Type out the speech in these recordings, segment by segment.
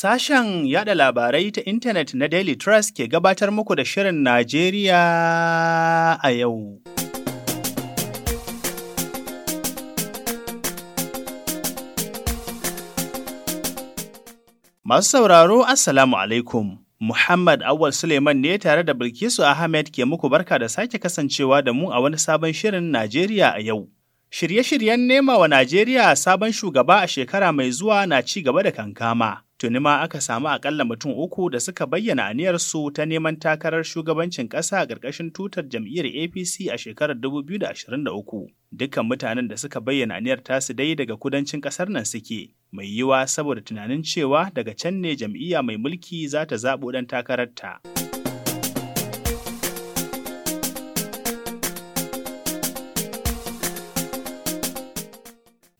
Sashen yada labarai ta intanet na Daily Trust ke gabatar muku da Shirin Najeriya a yau. Masu sauraro, Assalamu alaikum. Muhammad Awal Suleiman ne tare da Bilkisu Ahmed ke muku barka da sake kasancewa da mu a wani sabon Shirin Najeriya a yau. Shirye-shiryen nema wa Najeriya sabon shugaba a shekara mai zuwa na ci gaba da kankama. Tuni ma aka samu akalla mutum uku da suka bayyana aniyarsu ta neman takarar shugabancin ƙasa a ƙarƙashin tutar jam'iyyar APC a shekarar 2023. Dukkan mutanen da suka bayyana aniyar tasu dai daga kudancin ƙasar nan suke, mai yiwa saboda tunanin cewa daga can ne jam'iyya mai mulki za ta zaɓo ɗan takararta.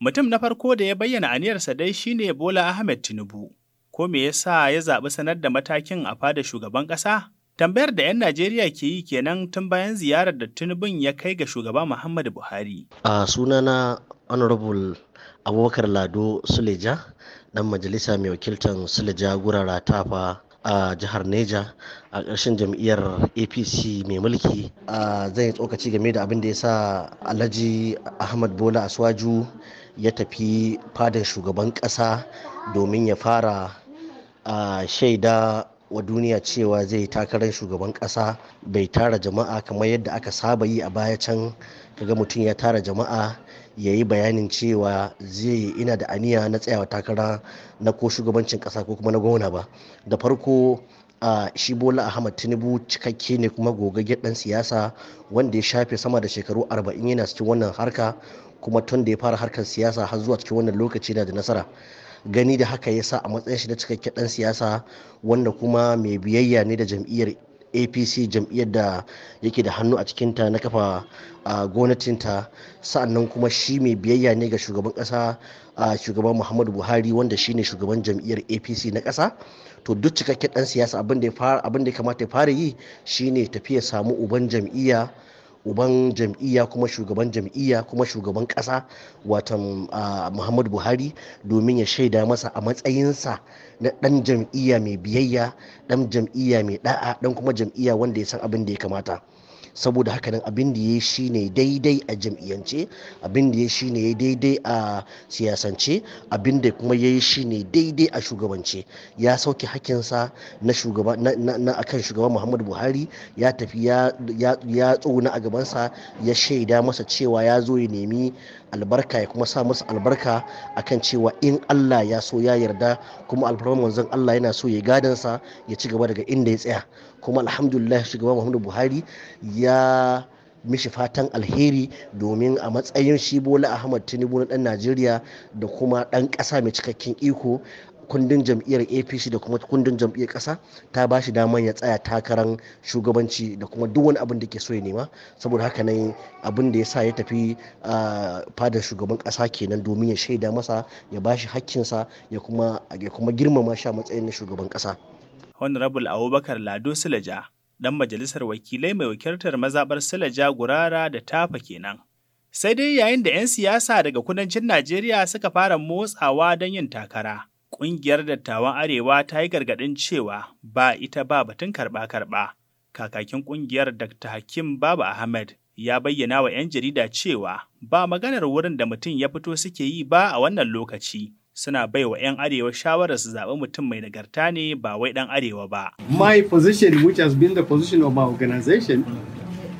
Mutum na farko da ya bayyana aniyarsa dai shine Bola Ahmed Tinubu, ko me yasa ya zaɓi sanar da matakin a fada shugaban ƙasa? Tambayar da 'yan Najeriya ke yi kenan tun bayan ziyarar da Tinubun ya kai ga shugaba Muhammadu Buhari. A sunana Honorable Abubakar Lado Suleja, ɗan majalisa mai wakiltan Suleja gurara tafa a jihar Neja a ƙarshen jam'iyyar APC mai mulki zan yi tsokaci game da abin da ya sa Alhaji Ahmad Bola Aswaju ya tafi fada shugaban ƙasa domin ya fara a shaida wa duniya cewa zai takarar shugaban kasa bai tara jama'a kamar yadda aka saba yi a baya can kaga mutum ya tara jama'a ya yi bayanin cewa zai ina da aniya na tsayawa takara na ko shugabancin kasa ko kuma na gwamna ba da farko a shi bola ahmad tinubu cikakke ne kuma gogaggen dan siyasa wanda ya shafe sama da shekaru 40 yana cikin wannan harka kuma tun da ya fara harkar siyasa har zuwa cikin wannan lokaci na da nasara gani da haka ya sa a matsayin shi na cikakken dan siyasa wanda kuma mai biyayya ne da jam'iyyar apc jam'iyyar da yake da hannu a cikinta na kafa a gwamnatinta sa'annan kuma shi mai biyayya ne ga shugaban kasa a shugaban muhammadu buhari wanda shi ne shugaban jam'iyyar apc na kasa to duk cikakken dan siyasa abin da ya kamata ya fara yi shine tafiya samu uban jam'iyya uban jam'iyya kuma shugaban jam'iyya kuma shugaban ƙasa watan muhammadu buhari domin ya shaida masa a matsayinsa na ɗan jam'iyya mai biyayya ɗan jam'iyya mai ɗa'a dan kuma jam'iyya wanda ya san abin da ya kamata saboda haka nan abin da ya shi ne daidai a jam'iyyance abin da ya shi ne daidai a siyasance abin da kuma ya shi ne daidai a shugabance ya sauke hakinsa na shugaba na akan shugaban muhammadu buhari ya tafi ya tsona a gabansa ya shaida masa cewa ya zo ya nemi albarka ya kuma sa musu albarka akan cewa in Allah ya so ya yarda kuma alfarman manzon Allah yana so ya gadansa ya ci gaba daga inda ya tsaya kuma alhamdulillah shugaban Muhammadu Buhari ya mishi fatan alheri domin a matsayin shi bola ahmad tinubu na dan najeriya da kuma dan kasa mai cikakken iko kundin jam'iyyar apc da kuma kundin jam'iyyar ƙasa ta ba shi daman ya tsaya takarar shugabanci da kuma duk wani abin da ke so ya nema saboda haka nan abin da ya sa ya tafi a fadar shugaban ƙasa kenan domin ya shaida masa ya ba shi hakkinsa ya kuma girmama sha matsayin na shugaban ƙasa. honorable abubakar lado silaja dan majalisar wakilai mai wakiltar mazabar silaja gurara da tafa kenan. sai dai yayin da 'yan siyasa daga kudancin Najeriya suka fara motsawa don yin takara. Ƙungiyar dattawan Arewa ta yi gargaɗin cewa ba ita ba batun karɓa-karɓa. Kakakin ƙungiyar Dr. Hakim Baba Ahmed ya bayyana wa 'yan jarida cewa ba maganar wurin da mutum ya fito suke yi ba a wannan lokaci. Suna bai wa 'yan Arewa shawarar su zaɓi mutum mai nagarta ne ba wai ɗan Arewa ba. My position, which has been the position of my organization,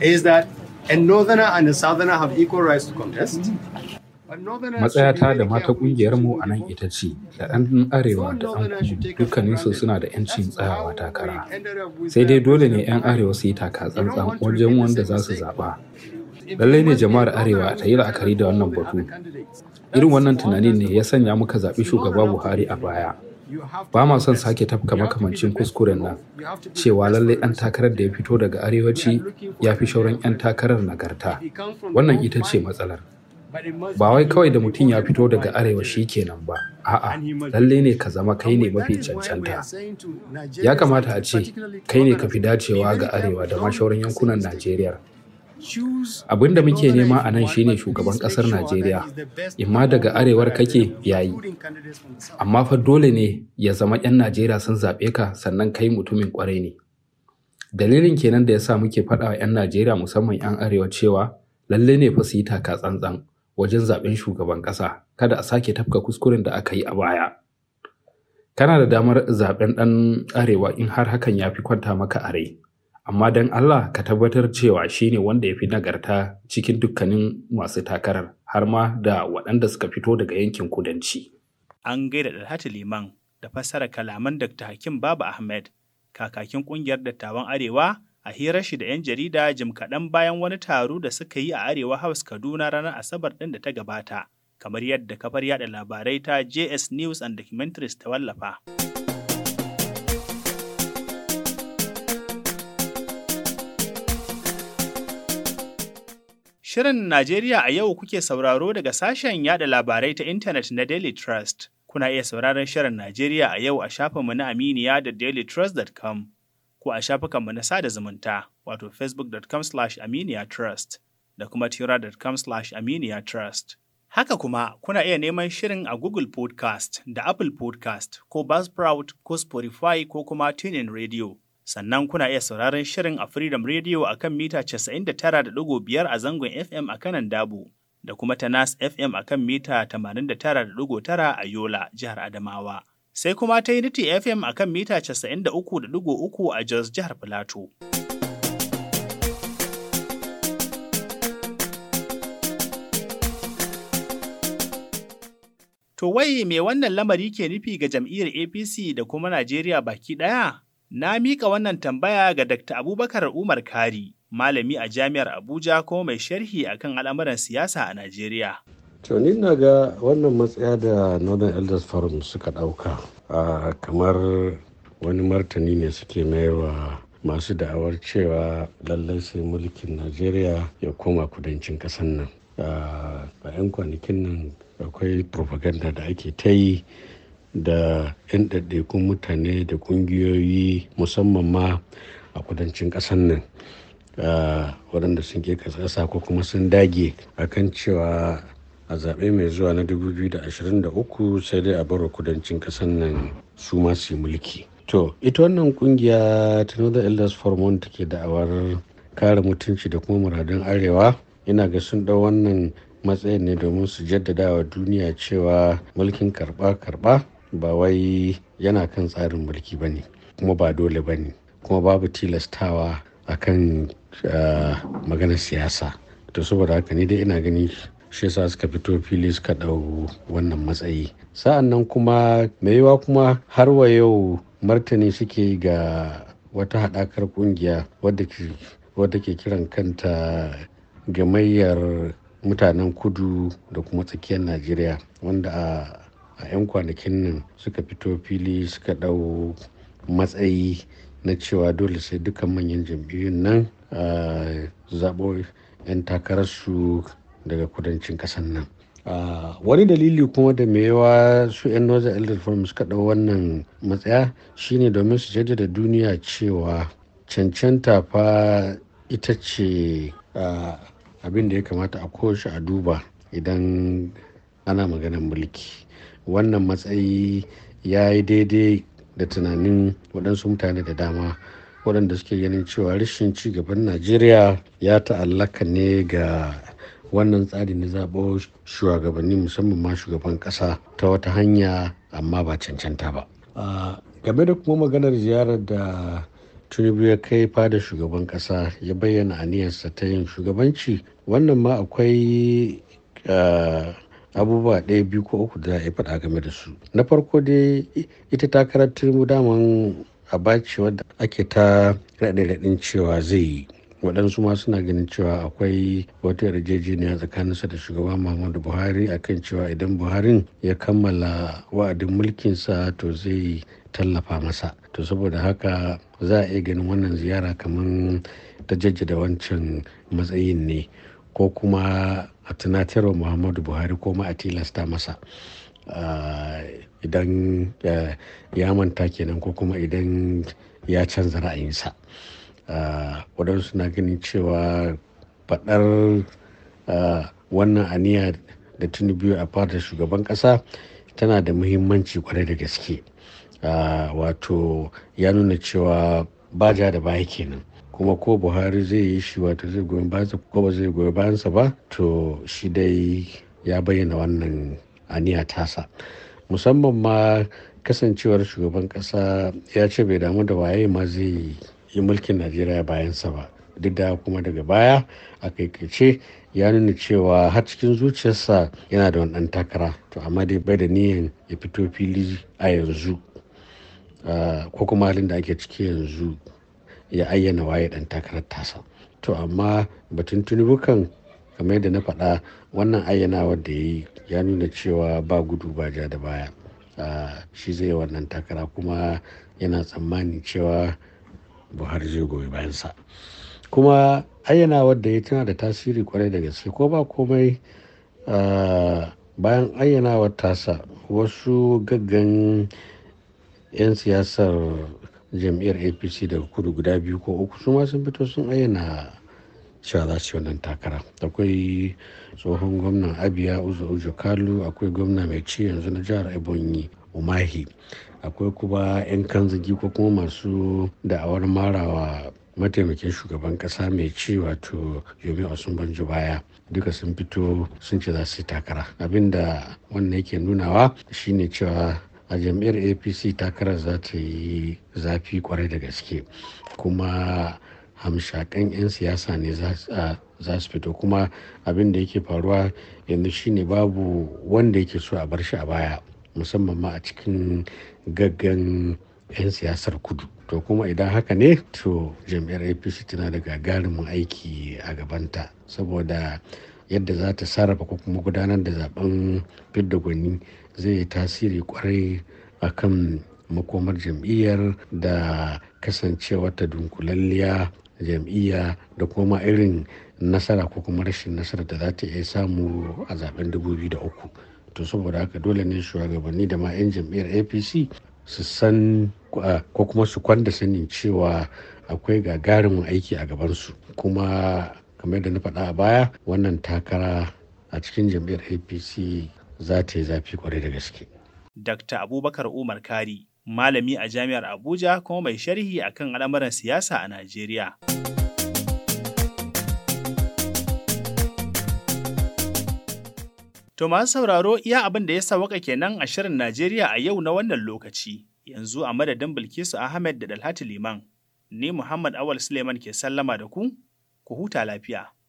is that a northerner and a southerner have equal rights to contest. Matsaya ta da mata ƙungiyarmu a nan ita ce da ɗan arewa da ɗan kudu dukkaninsu suna da 'yancin tsayawa takara sai dai dole ne 'yan arewa su yi taka tsantsan wajen wanda za su zaɓa lallai ne jama'ar arewa ta yi la'akari da wannan batu irin wannan tunanin ne ya sanya muka zaɓi shugaba buhari a baya ba ma son sake tafka makamancin kuskuren nan cewa lallai ɗan takarar da ya fito daga arewaci ya fi shauran 'yan takarar nagarta wannan ita ce matsalar ba wai kawai da mutum ya fito daga arewa shi kenan ba a'a lalle ne ka zama kai ne mafi cancanta ya kamata a ce kai ne ka fi dacewa ga arewa da mashaurin yankunan najeriya abin da muke nema a nan shine shugaban ƙasar najeriya imma daga arewar kake yayi amma fa dole ne ya zama 'yan najeriya sun zaɓe ka sannan kai mutumin ƙwarai ne dalilin kenan da ya sa muke faɗa 'yan najeriya musamman 'yan arewa cewa lalle ne fa su yi taka tsantsan wajen zaben shugaban ƙasa kada a sake tafka kuskuren da aka yi a baya. Kana da damar zaben ɗan arewa in har hakan ya fi kwanta maka a rai, amma don Allah ka tabbatar cewa shi ne wanda ya fi nagarta cikin dukkanin masu takarar har ma da waɗanda suka fito daga yankin kudanci. An gaida hati Liman da fassara kalaman Dr. Hakim Baba Ahmed, kakakin ƙungiyar dattawan Arewa a hirar shi da 'yan jarida jim kaɗan bayan wani taro da suka yi a Arewa House Kaduna ranar Asabar ɗin da ta gabata, kamar yadda kafar yaɗa labarai ta JS News and Documentaries ta wallafa. Shirin Najeriya a yau kuke sauraro daga sashen yaɗa labarai ta intanet na Daily Trust. Kuna iya sauraron Shirin Najeriya a yau a shafinmu na aminiya da dailytrust.com. ko a shafukanmu na sada zumunta wato facebookcom aminiyatrust da kuma turacom aminiyatrust Haka kuma kuna iya neman shirin a Google Podcast da Apple Podcast ko Buzzsprout ko Spotify ko kuma TuneIn Radio. Sannan kuna iya sauraron shirin a Freedom Radio a kan mita 99.5 a zangon FM a kanan Dabo da kuma ta FM a kan mita 89.9 a Yola, jihar Adamawa. sai kuma ta Unity FM a kan mita 93.3 a Jos jihar Filato. To wai me wannan lamari ke nufi ga jam'iyyar APC da kuma Najeriya baki ɗaya? Na miƙa wannan tambaya ga Dr. Abubakar Umar Kari, malami a Jami'ar Abuja kuma mai sharhi akan al'amuran siyasa a Najeriya. to ni na ga wannan matsaya da northern elders forum suka ɗauka kamar wani martani ne suke maiwa masu da'awar cewa lallai sai mulkin najeriya ya koma kudancin ƙasar nan a 'yan kwanakin nan akwai propaganda da ake ta yi da 'yan ɗaiɗaikun mutane da ƙungiyoyi musamman ma a kudancin ƙasar nan waɗanda sun ke ƙasa ko kuma sun dage akan cewa a zaɓe mai zuwa na 2023 sai dai a baro kudancin ƙasar nan su masu mulki to ita wannan ƙungiya ta northern elders forum wanda take da'awar kare mutunci da kuma muradun arewa ina ga sun ɗau wannan matsayin ne domin su jaddada wa duniya cewa mulkin karɓa-karɓa ba wai yana kan tsarin mulki ba ne kuma ba dole ba ne kuma babu tilastawa a kan ah, maganar siyasa to saboda haka ne dai ina gani shi yasa suka fito fili suka ɗau wannan matsayi sa'an nan kuma mai yiwa kuma har wa yau martani suke ga wata haɗakar ƙungiya wadda ke kiran kanta gamayyar mutanen kudu da kuma tsakiyar najeriya wanda a 'yan kwanakin nan suka fito fili suka ɗau matsayi na cewa dole sai dukkan manyan jam'iyyun nan a ah, zaɓo 'yan takararsu daga kudancin kasan nan ah, wani dalili kuma da mai yawa su 'yan northern elder forum suka ɗau wannan matsaya shine domin su jaddada duniya cewa cancanta fa ita ce ah, abin da ya kamata a koshi a duba idan ana maganar mulki wannan matsayi ya yi daidai da tunanin waɗansu mutane da dama waɗanda suke ganin cewa rashin ci gaban najeriya ya ta'allaka ne ga wannan tsari na zaɓo shugabanni musamman ma shugaban ƙasa ta wata hanya amma ba cancanta ba game da kuma maganar ziyarar da tinubu ya kai fada shugaban ƙasa ya bayyana aniyarsa ta yin shugabanci wannan ma akwai abubuwa ɗaya biyu ko uku da ya faɗa game da su na farko dai ita takarar tinubu daman a wadda ake ta raɗe-raɗin cewa zai yi waɗansu ma suna ganin cewa akwai wata yarjejeniya tsakaninsa da shugaban muhammadu buhari akan cewa idan buharin ya kammala wa'adin mulkinsa to zai tallafa masa to saboda haka za a iya ganin wannan ziyara kamar ta jajjada wancan matsayin ne ko kuma a tunatarwa muhammadu buhari ko ma a tilasta masa ah, idan eh, ya manta kenan ko kuma idan ya canza ra'ayinsa. Ah, waɗansu na ganin cewa faɗar ah, wannan aniya da biyu a fata shugaban ƙasa tana da muhimmanci kwarai da gaske ah, wato ya nuna cewa ba ja da baya kenan kuma ko buhari zai yi shi wato zai goyi bayansa ko ba zai goyi bayansa ba to shi dai ya bayyana wannan aniya tasa musamman ma kasancewar shugaban ƙasa ya ce bai damu da waye ma zai yi. yi mulkin najeriya bayansa ba duk da kuma daga baya a kaikaice ya nuna cewa har cikin zuciyarsa yana da wani ɗan takara to amma dai bai da niyan ya fito fili a yanzu ko kuma halin da ake ciki yanzu ya ayyana waye ɗan takarar tasa to amma batun tunubukan kamar yadda na faɗa wannan ayyanawa da ya yi ya nuna cewa ba gudu ba ja da baya shi zai wannan takara kuma yana tsammani cewa buhari zai goyi bayansa kuma ayyana da ya tana da tasiri kwarai da gaske ko ba komai bayan ayyanawar tasa wasu gaggan 'yan siyasar jam'iyyar apc daga kudu guda biyu ko uku su ma sun fito sun ayyana cewa za su wannan takara akwai tsohon gwamnan abiya uzo ujo kalu akwai gwamna mai ci yanzu na jihar ebonyi umahi akwai kuma 'yan kanzagi ko kuma masu da'awar marawa mataimakin shugaban kasa mai ci wato yomi osunbanjo baya duka sun fito sun ce za su yi takara abinda wannan yake nunawa shine cewa a jam'iyyar apc takarar za ta yi zafi kwarai da gaske kuma hamshakan 'yan siyasa ne za su fito kuma abin da yake faruwa yanzu shine babu wanda yake so a bar shi a baya musamman ma a cikin gaggan 'yan siyasar kudu to kuma idan haka ne to jam'iyyar apc tana da gagarumin aiki a gabanta saboda yadda za ta sarrafa ko kuma gudanar da zaben fidda gwani zai yi tasiri kwarai a kan makomar jam'iyyar da kasancewar ta dunkulalliya jam'iyya da kuma irin nasara ko kuma rashin nasara da za ta iya samu a zaben 2003 to saboda haka dole ne shugabanni da ma 'yan jam'iyyar apc su san ko kuma su kwanda sanin cewa akwai gagarumin aiki a gabansu kuma kamar da na faɗa a baya wannan takara a cikin jam'iyyar apc za ta yi zafi kwarai da gaske. dr abubakar umar kari malami a jami'ar abuja kuma mai sharhi akan al'amuran siyasa a najeriya. To masu sauraro iya abin da ya waka kenan a shirin Najeriya a yau na wannan lokaci. Yanzu a madadin Bilkisu Ahmed da Dalhatu Liman, ni Muhammad Awal Suleiman ke sallama da ku, ku huta lafiya.